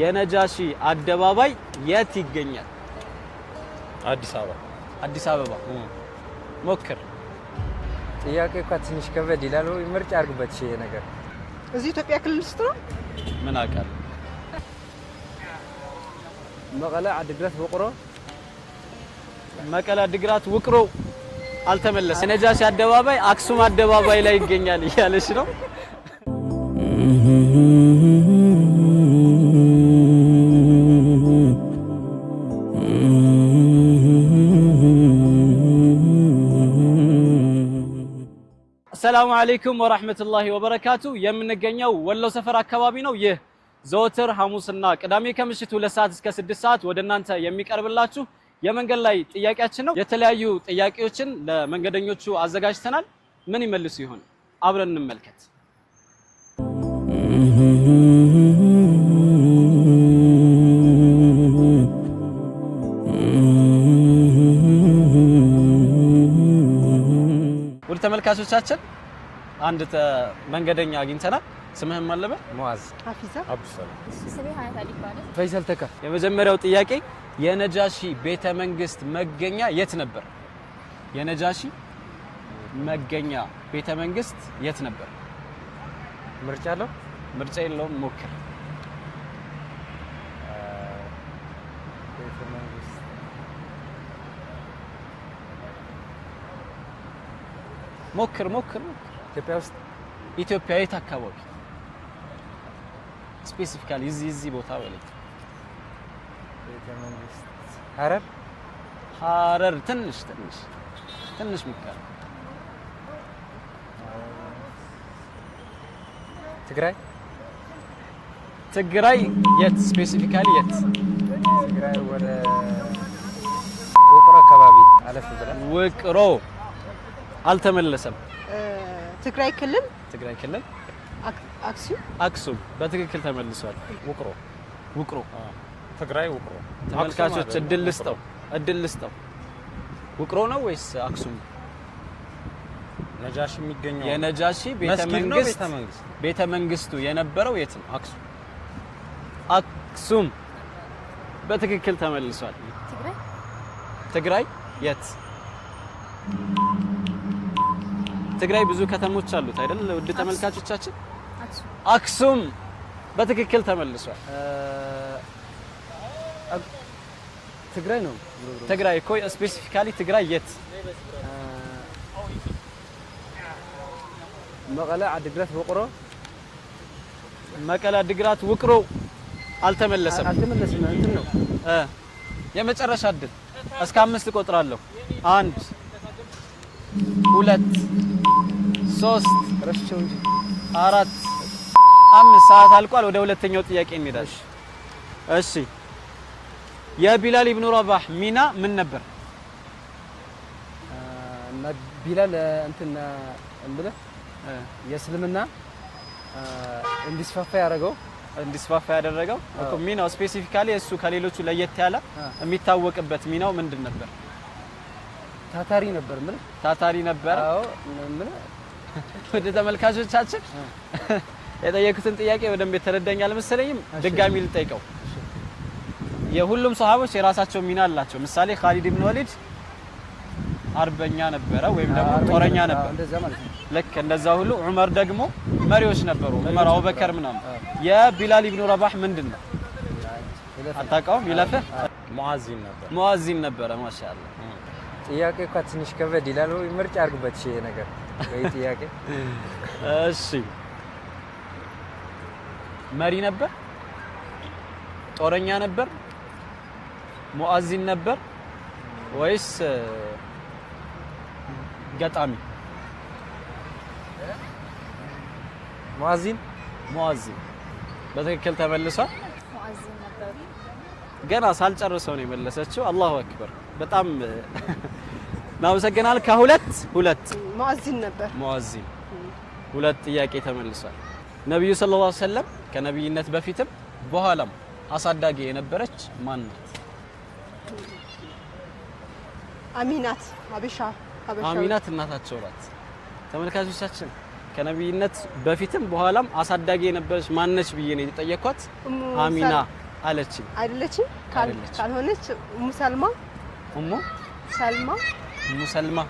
የነጃሺ አደባባይ የት ይገኛል? አዲስ አበባ። አዲስ አበባ ሞክር። ጥያቄ እኮ ትንሽ ከበድ ይላል። ወይ ምርጫ አድርግበት። ይሄ ነገር እዚህ ኢትዮጵያ ክልል ውስጥ ነው። ምን አውቃለሁ። መቀለ፣ አድግራት፣ ውቅሮ። መቀለ፣ አድግራት፣ ውቅሮ መቀለ አድግራት ውቅሮ አልተመለሰ። የነጃሺ አደባባይ አክሱም አደባባይ ላይ ይገኛል እያለች ነው። አሰላሙ አለይኩም ወራህመቱላሂ ወበረካቱ። የምንገኘው ወሎ ሰፈር አካባቢ ነው። ይህ ዘወትር ሐሙስና ቅዳሜ ከምሽቱ ሁለት ሰዓት እስከ ስድስት ሰዓት ወደ እናንተ የሚቀርብላችሁ የመንገድ ላይ ጥያቄያችን ነው። የተለያዩ ጥያቄዎችን ለመንገደኞቹ አዘጋጅተናል። ምን ይመልሱ ይሆን? አብረን እንመልከት። ውድ ተመልካቾቻችን አንድ መንገደኛ አግኝተናል። ስምህም አለበ ሙአዝ ሀፊዛ አብዱሰላም። ስሜ ሀያት አሊ ይባላል። ፈይሰል ተካ፣ የመጀመሪያው ጥያቄ የነጃሺ ቤተ መንግስት መገኛ የት ነበር? የነጃሺ መገኛ ቤተ መንግስት የት ነበር? ምርጫ አለው? ምርጫ የለውም። ሞክር። ሞክር ሞክር ሞክር ኢትዮጵያ ውስጥ ኢትዮጵያ የት አካባቢ ስፔሲፊካሊ እዚህ እዚህ ቦታ በለኝ። ሀረር ሀረር ትንሽ ትንሽ ትንሽ ሚካል ትግራይ ትግራይ የት ስፔሲፊካሊ የት ትግራይ ወደ ውቅሮ አካባቢ አለፍ ብለን ውቅሮ አልተመለሰም። ትግራይ ክልል ትግራይ ክልል አክሱም አክሱም በትክክል ተመልሷል። ውቅሮ ውቅሮ ትግራይ ውቅሮ። ተመልካቾች እድል ልስጠው እድል ልስጠው። ውቅሮ ነው ወይስ አክሱም? ነጃሺ የሚገኘው የነጃሺ ቤተ መንግስቱ የነበረው የት ነው? አክሱም አክሱም በትክክል ተመልሷል። ትግራይ ትግራይ የት ትግራይ ብዙ ከተሞች አሉት አይደል? ውድ ተመልካቾቻችን አክሱም በትክክል ተመልሷል። ትግራይ ነው ትግራይ እኮ ስፔሲፊካሊ ትግራይ የት? መቀለ፣ አድግራት፣ ውቅሮ መቀለ፣ አድግራት፣ ውቅሮ አልተመለሰም። አልተመለሰም እንትን ነው የመጨረሻ እድል እስከ አምስት እቆጥራለሁ። አንድ ሁለት ሶስት እንጂ አራት አምስት ሰዓት አልቋል። ወደ ሁለተኛው ጥያቄ እንሄዳለን። እሺ የቢላል ኢብኑ ረባህ ሚና ምን ነበር? ቢላል እንትን እንብለ የእስልምና እንዲስፋፋ ያደረገው እንዲስፋፋ ያደረገው እኮ ሚናው ስፔሲፊካሊ እሱ ከሌሎቹ ለየት ያለ የሚታወቅበት ሚናው ምንድን ነበር? ታታሪ ነበር። ምን ታታሪ ነበር? አዎ ምን ወደ ተመልካቾቻችን የጠየኩትን ጥያቄ በደንብ የተረዳኝ አልመሰለኝም። ድጋሚ ልጠይቀው። የሁሉም ሰሃቦች የራሳቸው ሚና አላቸው። ምሳሌ ካሊድ ኢብኑ ወሊድ አርበኛ ነበረ ወይም ደግሞ ጦረኛ ነበር። ልክ እንደዛ ሁሉ ዑመር ደግሞ መሪዎች ነበሩ። ዑመር፣ አቡበከር ምናምን። የቢላል ኢብኑ ረባህ ምንድን ነው አታውቀውም? ይለፍህ ሙአዚን ነበር። ሙአዚን ነበረ። ማሻአላ። ጥያቄ እንኳ ትንሽ ከበድ ይላል። ምርጫ አድርጉበት ነገር ጥያቄ እሺ፣ መሪ ነበር፣ ጦረኛ ነበር፣ ሙአዚን ነበር ወይስ ገጣሚ? ሙአዚን ሙአዚን በትክክል ተመልሷል። ገና ሳልጨርሰው ነው የመለሰችው። አላሁ አክበር በጣም እናመሰግናል። ከሁለት ሁለት ሙአዚን ነበር ሙአዚን ሁለት ጥያቄ ተመልሷል። ነብዩ ሰለላሁ ዐለይሂ ወሰለም ከነብይነት በፊትም በኋላም አሳዳጊ የነበረች ማን ናት? አሚናት አበሻ አሚናት እናታቸው ናት። ተመልካቾቻችን ከነብይነት በፊትም በኋላም አሳዳጊ የነበረች ማነች ብዬ ነው የተጠየኳት። አሚና አለችኝ አይደለችም? ካልሆነች ሙሰልማ ሰልማ ሙሰልማ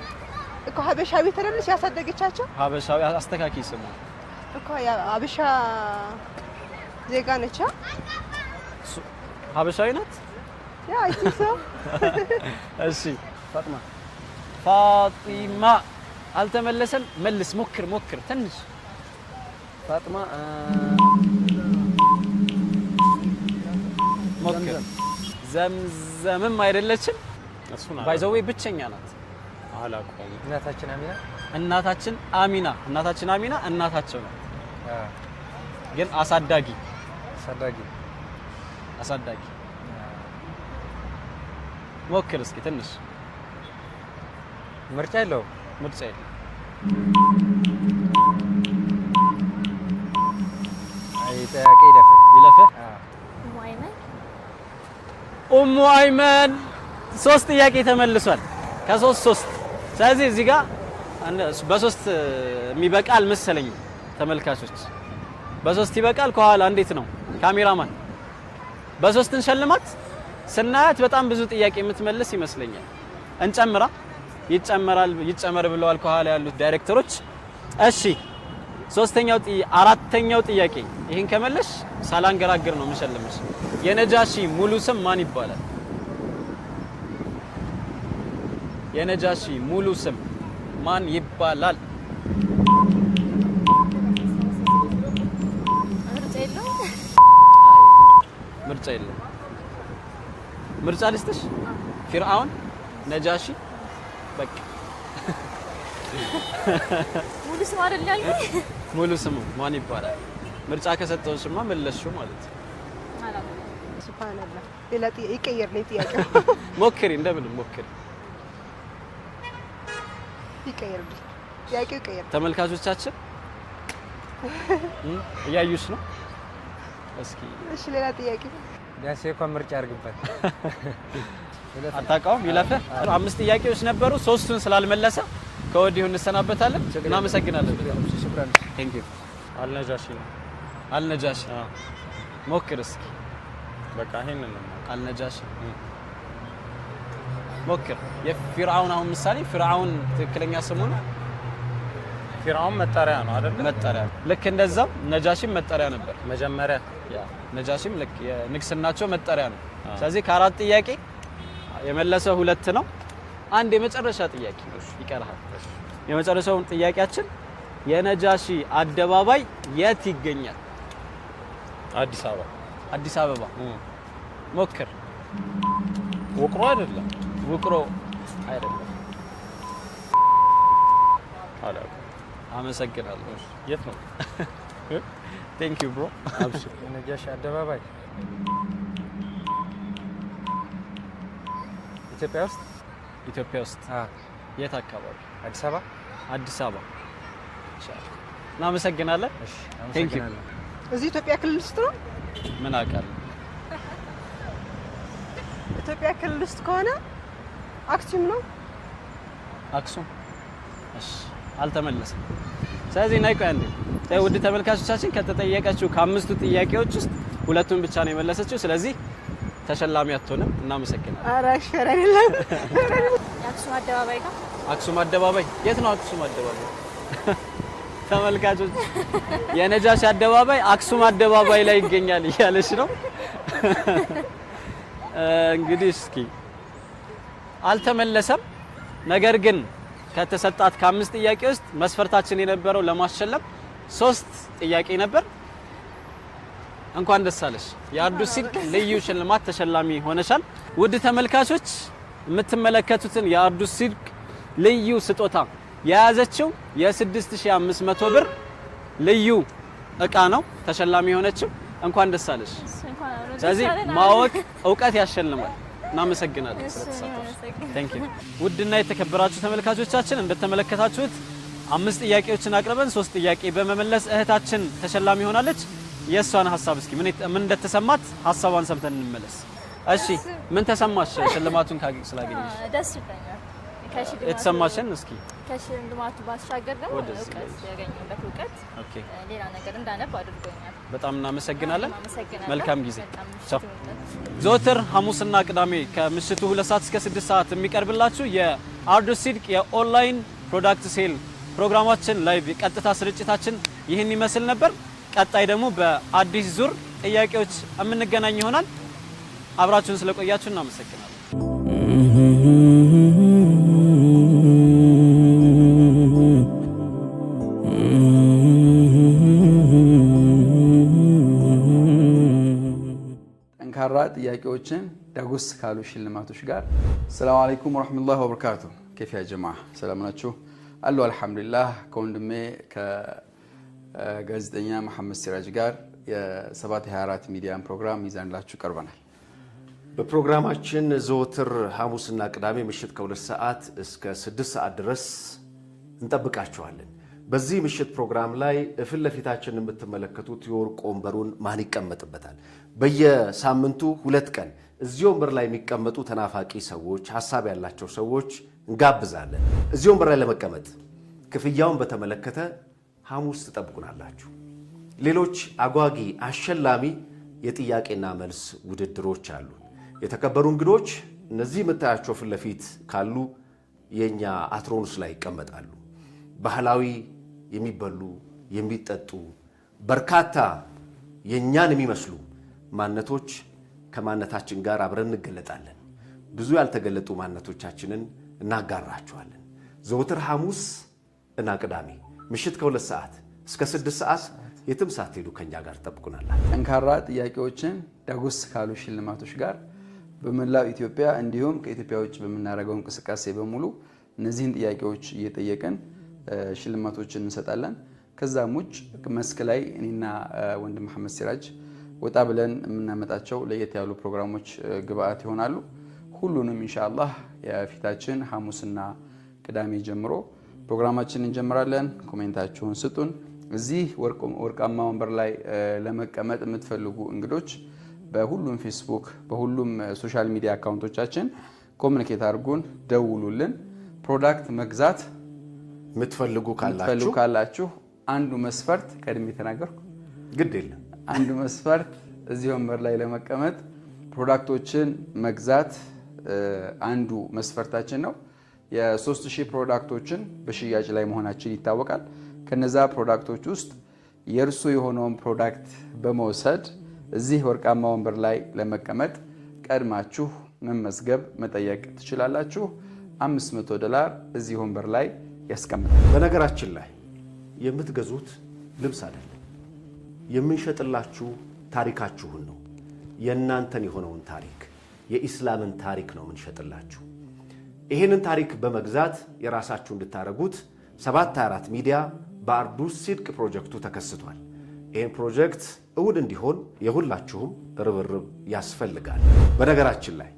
እኮ ሀበሻ ቤት አይደለች ያሳደገቻቸው። ሀበሻ አስተካኪ ስሙ እኮ ሀበሻ ዜጋ ነች። ሀበሻዊ ናት። ያ እሺ፣ ፋጥማ ፋጢማ አልተመለሰም። መልስ፣ ሞክር ሞክር ትንሽ ፋጥማ ሞክር። ዘምዘምም አይደለችም። ባይዘዌ ብቸኛ ናት። አላውቀውም። እናታችን አሚና እናታችን አሚና እናታችን አሚና እናታቸው ነው ግን አሳዳጊ አሳዳጊ አሳዳጊ ሞክር እስኪ ትንሽ ምርጫ ምርጫ ኡሙ አይመን ሶስት ጥያቄ ተመልሷል። ከሶስት ሶስት ስለዚህ እዚህ ጋር በሶስት የሚበቃል መሰለኝ ተመልካቾች፣ በሶስት ይበቃል። ከኋላ እንዴት ነው ካሜራማን? በሶስትን ሸልማት ስናያት በጣም ብዙ ጥያቄ የምትመልስ ይመስለኛል። እንጨምራ። ይጨመራል ይጨመር ብለዋል ከኋላ ያሉት ዳይሬክተሮች። እሺ ሶስተኛው አራተኛው ጥያቄ ይህን ከመለሽ ሳላንገራግር ነው የምሸልምሽ። የነጃሺ ሙሉ ስም ማን ይባላል? የነጃሺ ሙሉ ስም ማን ይባላል? ምርጫ የለም። ምርጫ ልስጥሽ? ፊርአውን፣ ነጃሺ በቃ ሙሉ ስም አይደል ያልኩኝ? ሙሉ ስሙ ማን ይባላል? ምርጫ ከሰጠውሽማ መለስሽው ማለት ነው። ሱብሃንአላህ ሌላ ጥያቄ ይቀየር። ሞክሪ፣ እንደምንም ሞክሪ ይቀየርልኝ። ጥያቄው ይቀየር። ተመልካቾቻችን እያዩሽ ነው። እስኪ እሺ፣ ሌላ ጥያቄ ቢያንስ እኮ ምርጫ አድርግበት። አታውቀውም። ይለፈ አምስት ጥያቄዎች ነበሩ፣ ሶስቱን ስላልመለሰ ከወዲሁ እንሰናበታለን። እናመሰግናለን። ቴንክ ዩ። አልነጃሺ ነው። አልነጃሺ ሞክር እስኪ። በቃ ይሄንን ነው አልነጃሺ ሞክር። የፊርዓውን አሁን ምሳሌ ፊርዓውን ትክክለኛ ነው ፊርዓውን መጠሪያ ነው አይደል? መጠሪያ ልክ እንደዛ ነጃሽም መጠሪያ ነበር መጀመሪያ። ነጃሽም ልክ የንግስናቸው መጠሪያ ነው። ስለዚህ ከአራት ጥያቄ የመለሰ ሁለት ነው። አንድ የመጨረሻ ጥያቄ ይቀርሃል። የመጨረሻውን ጥያቄያችን የነጃሺ አደባባይ የት ይገኛል? አዲስ አበባ። አዲስ አበባ ሞክር። ውቅሮ አይደለም ውቅሮ አይደለም። አመሰግናለሁ። የት ነው? ቴንክ ዩ ብሮ። ነጃሽ አደባባይ ኢትዮጵያ ውስጥ ኢትዮጵያ ውስጥ የት አካባቢ? አዲስ አበባ አዲስ አበባ። እናመሰግናለን። ቴንክ ዩ። እዚህ ኢትዮጵያ ክልል ውስጥ ነው። ምን አውቃለሁ። ኢትዮጵያ ክልል ውስጥ ከሆነ አክሱም ነው። አክሱም እሺ፣ አልተመለሰም። ስለዚህ ነይ ያንዴ ውድ ተመልካቾቻችን ከተጠየቀችው ከአምስቱ ጥያቄዎች ውስጥ ሁለቱን ብቻ ነው የመለሰችው። ስለዚህ ተሸላሚ አትሆንም። እናመሰግናለን። ኧረ የለም። አክሱም አደባባይ ጋር አክሱም አደባባይ የት ነው? አክሱም አደባባይ ተመልካቾች፣ የነጃሽ አደባባይ አክሱም አደባባይ ላይ ይገኛል እያለች ነው እንግዲህ እስኪ አልተመለሰም። ነገር ግን ከተሰጣት ከአምስት ጥያቄ ውስጥ መስፈርታችን የነበረው ለማሸለም ሶስት ጥያቄ ነበር። እንኳን ደስ አለሽ የአርዱ ሲልክ ልዩ ሽልማት ተሸላሚ ሆነሻል። ውድ ተመልካቾች የምትመለከቱትን የአርዱ ሲልክ ልዩ ስጦታ የያዘችው የ6500 ብር ልዩ እቃ ነው ተሸላሚ የሆነችው። እንኳን ደስ አለሽ። ስለዚህ ማወቅ እውቀት ያሸልማል። እናመሰግናለን ውድና የተከበራችሁ ተመልካቾቻችን እንደተመለከታችሁት አምስት ጥያቄዎችን አቅርበን ሶስት ጥያቄ በመመለስ እህታችን ተሸላሚ ሆናለች። የእሷን ሀሳብ እስኪ ምን እንደተሰማት ሀሳቧን ሰምተን እንመለስ። እሺ ምን ተሰማሽ ሽልማቱን ስላገኘሽ? ደስ ይለኛል። የተሰማሽን እስኪ ከሽልማቱ ባሻገር ደግሞ እውቀት እውቀት ሌላ ነገር እንዳነብ አድርጎኛል። በጣም እናመሰግናለን። መልካም ጊዜ። ዘወትር ሐሙስና ቅዳሜ ከምሽቱ ሁለት ሰዓት እስከ ስድስት ሰዓት የሚቀርብላችሁ የአርዶ ሲድቅ የኦንላይን ፕሮዳክት ሴል ፕሮግራማችን ላይቭ ቀጥታ ስርጭታችን ይህን ይመስል ነበር። ቀጣይ ደግሞ በአዲስ ዙር ጥያቄዎች የምንገናኝ ይሆናል። አብራችሁን ስለቆያችሁ እናመሰግናለን። ጥያቄዎችን ደጉስ ካሉ ሽልማቶች ጋር። ሰላም አለይኩም ወረሕመቱላሂ ወበረካቱ። ኬፍ ያ ጀማ ሰላም ናችሁ አሉ? አልሐምዱሊላህ። ከወንድሜ ከጋዜጠኛ መሐመድ ሲራጅ ጋር የ724 ሚዲያን ፕሮግራም ይዘንላችሁ ቀርበናል። በፕሮግራማችን ዘወትር ሐሙስና ቅዳሜ ምሽት ከሁለት ሰዓት እስከ ስድስት ሰዓት ድረስ እንጠብቃችኋለን። በዚህ ምሽት ፕሮግራም ላይ ፊት ለፊታችን የምትመለከቱት የወርቅ ወንበሩን ማን ይቀመጥበታል? በየሳምንቱ ሁለት ቀን እዚህ ወንበር ላይ የሚቀመጡ ተናፋቂ ሰዎች፣ ሀሳብ ያላቸው ሰዎች እንጋብዛለን። እዚህ ወንበር ላይ ለመቀመጥ ክፍያውን በተመለከተ ሐሙስ ትጠብቁናላችሁ። ሌሎች አጓጊ አሸላሚ የጥያቄና መልስ ውድድሮች አሉ። የተከበሩ እንግዶች እነዚህ የምታያቸው ፊት ለፊት ካሉ የእኛ አትሮኑስ ላይ ይቀመጣሉ። ባህላዊ የሚበሉ የሚጠጡ በርካታ የእኛን የሚመስሉ ማነቶች ከማነታችን ጋር አብረን እንገለጣለን። ብዙ ያልተገለጡ ማነቶቻችንን እናጋራችኋለን። ዘወትር ሐሙስ እና ቅዳሜ ምሽት ከሁለት ሰዓት እስከ ስድስት ሰዓት የትም ሳትሄዱ ከኛ ጋር ጠብቁናል። ጠንካራ ጥያቄዎችን ዳጎስ ካሉ ሽልማቶች ጋር በመላው ኢትዮጵያ እንዲሁም ከኢትዮጵያ ውጭ በምናደርገው እንቅስቃሴ በሙሉ እነዚህን ጥያቄዎች እየጠየቅን ሽልማቶችን እንሰጣለን። ከዛም ውጭ መስክ ላይ እኔና ወንድም መሐመድ ሲራጅ ወጣ ብለን የምናመጣቸው ለየት ያሉ ፕሮግራሞች ግብአት ይሆናሉ። ሁሉንም ኢንሻአላህ የፊታችን ሐሙስና ቅዳሜ ጀምሮ ፕሮግራማችን እንጀምራለን። ኮሜንታችሁን ስጡን። እዚህ ወርቃማ ወንበር ላይ ለመቀመጥ የምትፈልጉ እንግዶች በሁሉም ፌስቡክ፣ በሁሉም ሶሻል ሚዲያ አካውንቶቻችን ኮሚኒኬት አድርጉን፣ ደውሉልን። ፕሮዳክት መግዛት የምትፈልጉ ካላችሁ አንዱ መስፈርት ቀድሜ የተናገርኩ ግድ የለም አንድ መስፈርት እዚህ ወንበር ላይ ለመቀመጥ ፕሮዳክቶችን መግዛት አንዱ መስፈርታችን ነው። የሶስት ሺህ ፕሮዳክቶችን በሽያጭ ላይ መሆናችን ይታወቃል። ከነዛ ፕሮዳክቶች ውስጥ የእርሱ የሆነውን ፕሮዳክት በመውሰድ እዚህ ወርቃማ ወንበር ላይ ለመቀመጥ ቀድማችሁ መመዝገብ መጠየቅ ትችላላችሁ። 500 ዶላር እዚህ ወንበር ላይ ያስቀምጣል። በነገራችን ላይ የምትገዙት ልብስ አይደለም። የምንሸጥላችሁ ታሪካችሁን ነው። የእናንተን የሆነውን ታሪክ የኢስላምን ታሪክ ነው የምንሸጥላችሁ። ይህንን ታሪክ በመግዛት የራሳችሁ እንድታደርጉት 724 ሚዲያ በአርዱስ ሲድቅ ፕሮጀክቱ ተከስቷል። ይህን ፕሮጀክት እውን እንዲሆን የሁላችሁም ርብርብ ያስፈልጋል። በነገራችን ላይ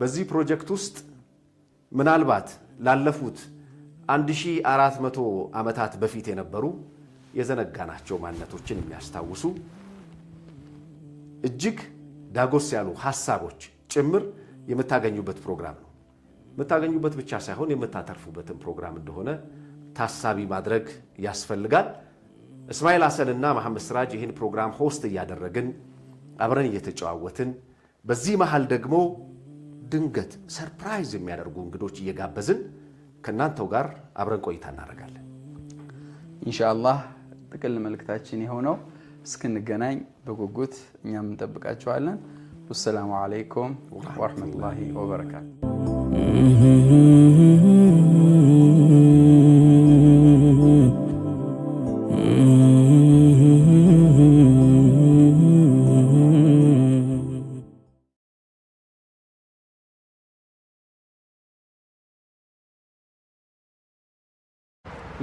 በዚህ ፕሮጀክት ውስጥ ምናልባት ላለፉት 1400 ዓመታት በፊት የነበሩ የዘነጋናቸው ማንነቶችን የሚያስታውሱ እጅግ ዳጎስ ያሉ ሀሳቦች ጭምር የምታገኙበት ፕሮግራም ነው። የምታገኙበት ብቻ ሳይሆን የምታተርፉበትን ፕሮግራም እንደሆነ ታሳቢ ማድረግ ያስፈልጋል። እስማኤል ሀሰን እና መሐመድ ስራጅ ይህን ፕሮግራም ሆስት እያደረግን አብረን እየተጨዋወትን በዚህ መሃል ደግሞ ድንገት ሰርፕራይዝ የሚያደርጉ እንግዶች እየጋበዝን ከእናንተው ጋር አብረን ቆይታ እናደርጋለን ኢንሻአላህ። ጥቅል መልእክታችን የሆነው። እስክንገናኝ በጉጉት እኛም እንጠብቃችኋለን። ወሰላሙ አለይኩም ወረሕመቱላሂ ወበረካቱ።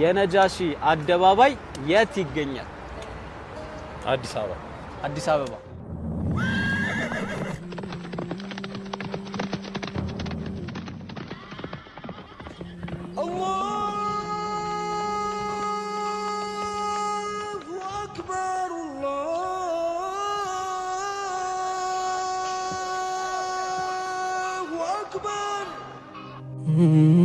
የነጃሺ አደባባይ የት ይገኛል? አዲስ አበባ። አዲስ አበባ አክበር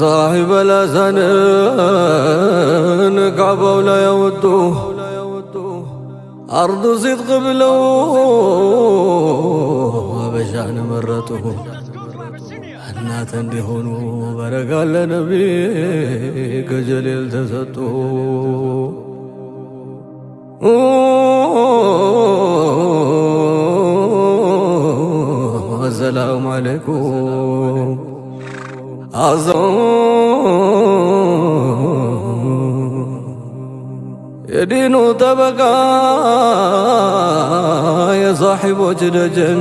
ፀሐይ በላዛንን ንቃበው ላይ ያወጡ አርዱ ሲጥቅ ብለው አበሻን መረጡ እናት እንዲሆኑ በረጋለ ነቢ ከጀሌል ተሰጡ አዞ የዲኑ ጠበቃ የሳሒቦች ደጀን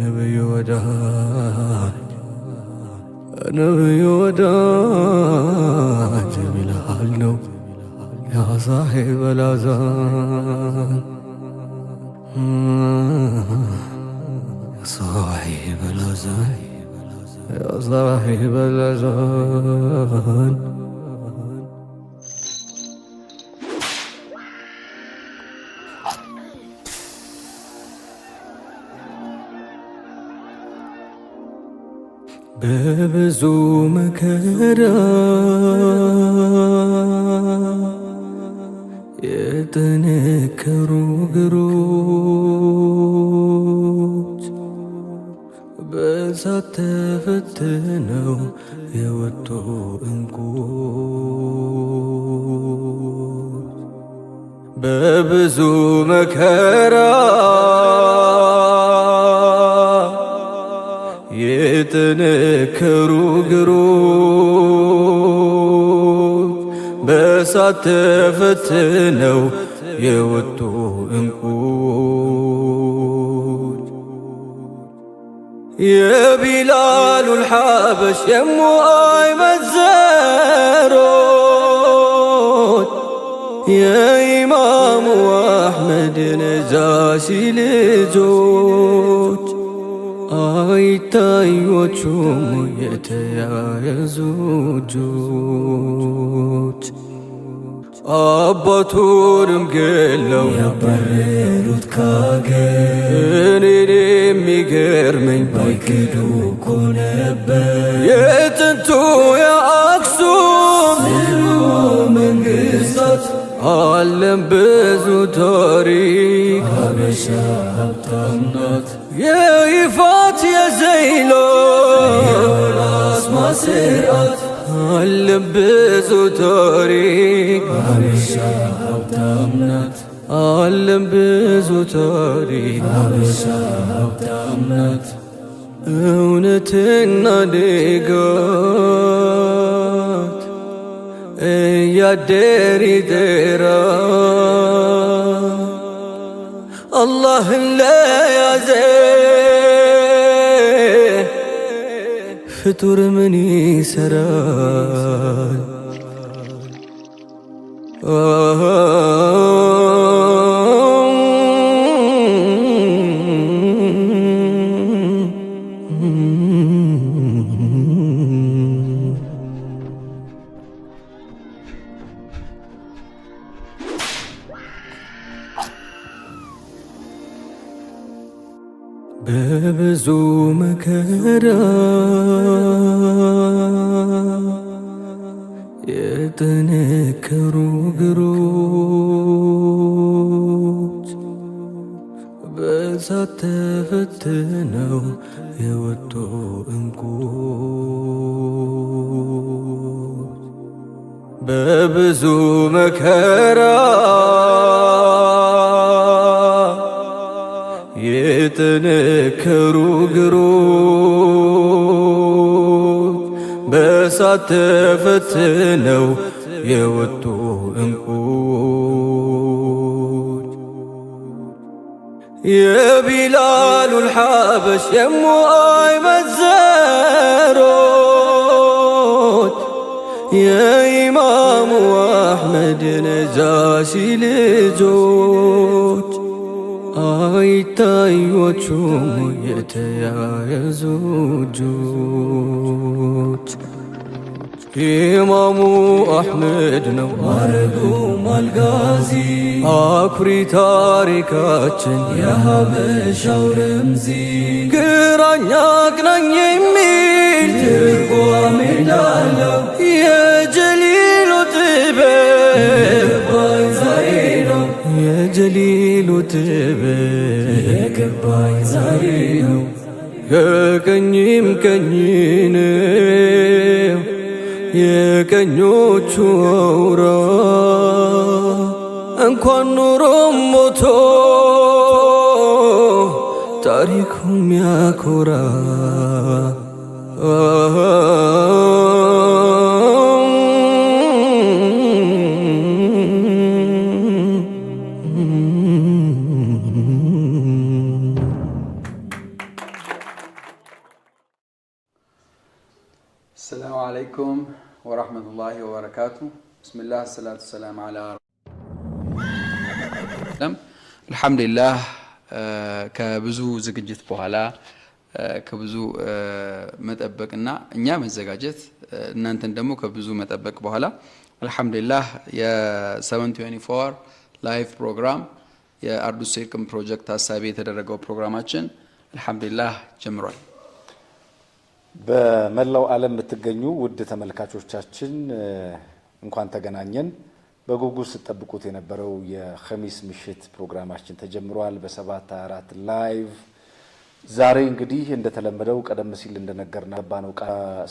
ነብዩ ወዳጅ ነብዩ ወዳጅ ይልሃል ነው ያ ሳሒብ አልአዛን ሳሒብ አልአዛን صاحب العزان ببزو مكرا يتنكر قروب በእሳት ተፈትነው የወጡ እንቁ በብዙ መከራ የጠነከሩ እግሮች በእሳት ተፈትነው የወጡ እንቁ يا بلال الحبش يمو ايمة الزارود يا امام احمد آي تاي አይታዮቹ يتيا እጆች አባቱንም ገለው ያባረሩት ካገር እኔን የሚገርመኝ ባይክዱ እኮ ነበር የጥንቱ የአክሱም ስሉ መንግስታት አለም ብዙ ታሪክ ሀበሻ ሀብታናት የይፋት የዘይሎ የወላስማ ማስራት አለም ብዙ ታሪክ ሀበሻ ሀብታም ናት አለም ብዙ ታሪክ ሀበሻ ሀብታም ናት እውነትና ደጋት እያደር ይደራል አላህን ለያዘ ፍጡር ምን ይሰራል? በብዙ መከራ ጥንክሩ ግሩች በእሳት ተፈትነው የወጡ እንቁ በብዙ መከራ የጥንክሩ ግሩች ساعت يوتو انقود يا بلال الحبش يمو اي مزاروت يا امام احمد نجاشي لزوت اي تاي وچوم يتيا يزوجوت Thank ኢማሙ አሕመድ ነው ማረጉ ማልጋዚ አኩሪ ታሪካችን የሀበሻው ረምዚ ግራኛ ቅናኝ የሚል ትርጓሜ ላለው የጀሊሉ ጥበብ ዛሬ ነው የጀሊሉ ጥበብ የገባኝ ዛሬ ነው ከቀኝም ቀኝን የቀኞቹ ውራ እንኳን ኑሮ ሞቶ ታሪኩ ሚያኮራ ወራህመቱላሂ ወበረካቱ ብስሚላህ ሰላቱ ሰላም አላ አልሐምዱሊላህ ከብዙ ዝግጅት በኋላ ከብዙ መጠበቅና እኛ መዘጋጀት እናንተን ደግሞ ከብዙ መጠበቅ በኋላ አልሐምዱሊላህ የሰቨን ትዌንቲ ፎር ፕሮግራም የአርዱ ሴቅም ፕሮጀክት ታሳቢ የተደረገው ፕሮግራማችን አልሐምዱሊላህ ጀምሯል። በመላው ዓለም የምትገኙ ውድ ተመልካቾቻችን እንኳን ተገናኘን። በጉጉት ስጠብቁት የነበረው የኸሚስ ምሽት ፕሮግራማችን ተጀምሯል በሰባት አራት ላይቭ። ዛሬ እንግዲህ እንደተለመደው ቀደም ሲል እንደነገርና ነው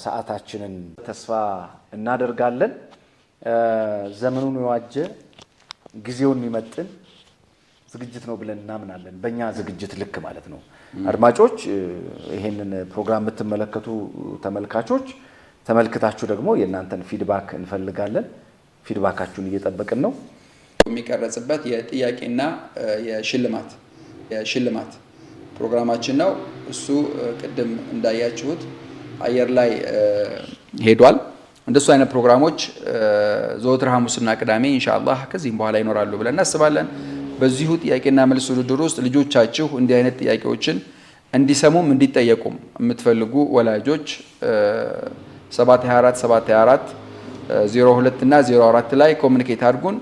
ሰዓታችንን ተስፋ እናደርጋለን። ዘመኑን የዋጀ ጊዜውን የሚመጥን ዝግጅት ነው ብለን እናምናለን። በእኛ ዝግጅት ልክ ማለት ነው። አድማጮች ይሄንን ፕሮግራም የምትመለከቱ ተመልካቾች ተመልክታችሁ ደግሞ የእናንተን ፊድባክ እንፈልጋለን። ፊድባካችሁን እየጠበቅን ነው። የሚቀረጽበት የጥያቄና የሽልማት የሽልማት ፕሮግራማችን ነው። እሱ ቅድም እንዳያችሁት አየር ላይ ሄዷል። እንደሱ አይነት ፕሮግራሞች ዘወትር ሐሙስና ቅዳሜ እንሻላ ከዚህም በኋላ ይኖራሉ ብለን እናስባለን። በዚሁ ጥያቄና መልስ ውድድር ውስጥ ልጆቻችሁ እንዲህ አይነት ጥያቄዎችን እንዲሰሙም እንዲጠየቁም የምትፈልጉ ወላጆች 724 02 እና 04 ላይ ኮሚኒኬት አድርጉን።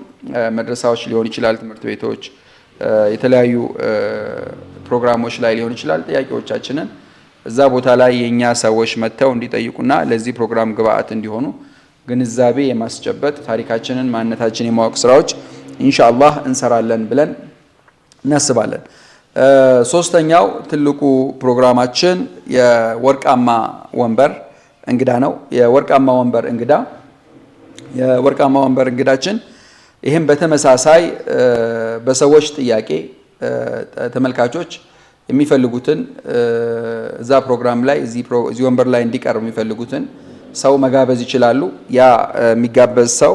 መድረሳዎች ሊሆን ይችላል፣ ትምህርት ቤቶች፣ የተለያዩ ፕሮግራሞች ላይ ሊሆን ይችላል። ጥያቄዎቻችንን እዛ ቦታ ላይ የእኛ ሰዎች መጥተው እንዲጠይቁና ለዚህ ፕሮግራም ግብአት እንዲሆኑ ግንዛቤ የማስጨበጥ ታሪካችንን ማንነታችን የማወቅ ስራዎች ኢንሻአላህ እንሰራለን ብለን እናስባለን። ሶስተኛው ትልቁ ፕሮግራማችን የወርቃማ ወንበር እንግዳ ነው። የወርቃማ ወንበር እንግዳ የወርቃማ ወንበር እንግዳችን ይህም በተመሳሳይ በሰዎች ጥያቄ ተመልካቾች የሚፈልጉትን እዛ ፕሮግራም ላይ እዚህ ወንበር ላይ እንዲቀርብ የሚፈልጉትን ሰው መጋበዝ ይችላሉ። ያ የሚጋበዝ ሰው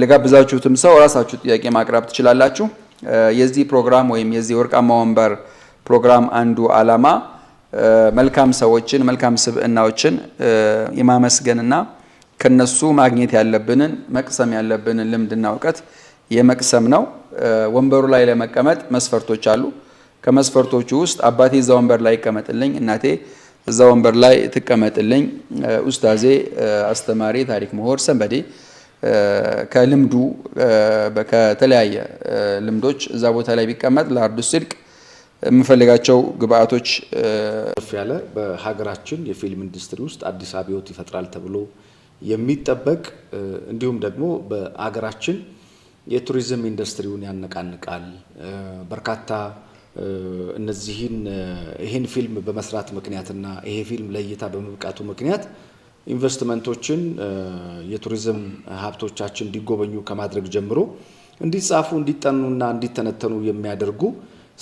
ለጋብዛችሁትም ሰው ራሳችሁ ጥያቄ ማቅረብ ትችላላችሁ። የዚህ ፕሮግራም ወይም የዚህ ወርቃማ ወንበር ፕሮግራም አንዱ ዓላማ መልካም ሰዎችን መልካም ስብዕናዎችን የማመስገንና ከነሱ ማግኘት ያለብንን መቅሰም ያለብንን ልምድና እውቀት የመቅሰም ነው። ወንበሩ ላይ ለመቀመጥ መስፈርቶች አሉ። ከመስፈርቶቹ ውስጥ አባቴ እዛ ወንበር ላይ ይቀመጥልኝ፣ እናቴ እዛ ወንበር ላይ ትቀመጥልኝ፣ ኡስታዜ አስተማሪ፣ ታሪክ ምሁር ሰንበዴ ከልምዱ ከተለያየ ልምዶች እዛ ቦታ ላይ ቢቀመጥ ለአርዱ ስልቅ የምፈልጋቸው ግብአቶች ያለ በሀገራችን የፊልም ኢንዱስትሪ ውስጥ አዲስ አብዮት ይፈጥራል ተብሎ የሚጠበቅ እንዲሁም ደግሞ በሀገራችን የቱሪዝም ኢንዱስትሪውን ያነቃንቃል። በርካታ እነዚህን ይህን ፊልም በመስራት ምክንያትና ይሄ ፊልም ለእይታ በመብቃቱ ምክንያት ኢንቨስትመንቶችን የቱሪዝም ሀብቶቻችን እንዲጎበኙ ከማድረግ ጀምሮ እንዲጻፉ እንዲጠኑና እንዲተነተኑ የሚያደርጉ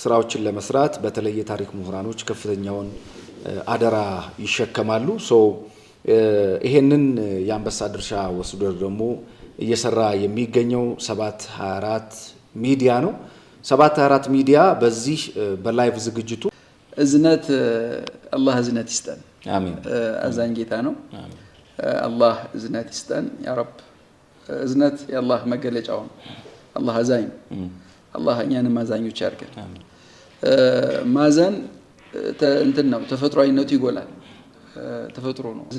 ስራዎችን ለመስራት በተለይ የታሪክ ምሁራኖች ከፍተኛውን አደራ ይሸከማሉ። ይሄንን የአንበሳ ድርሻ ወስዶ ደግሞ እየሰራ የሚገኘው ሰባት ሚዲያ ነው። ሰባት ሚዲያ በዚህ በላይቭ ዝግጅቱ እዝነት አላህ እዝነት ይስጠን። አዛኝ ጌታ ነው። አላህ እዝነት ይስጠን። ያ እዝነት የአላህ መገለጫው ነው። አላህ አዛኝ ነው። አላህ እኛንም አዛኞች ያርገን ማዘን እንትን ነው፣ ተፈጥሯዊነቱ ይጎላል። ተፈጥሮ ነው።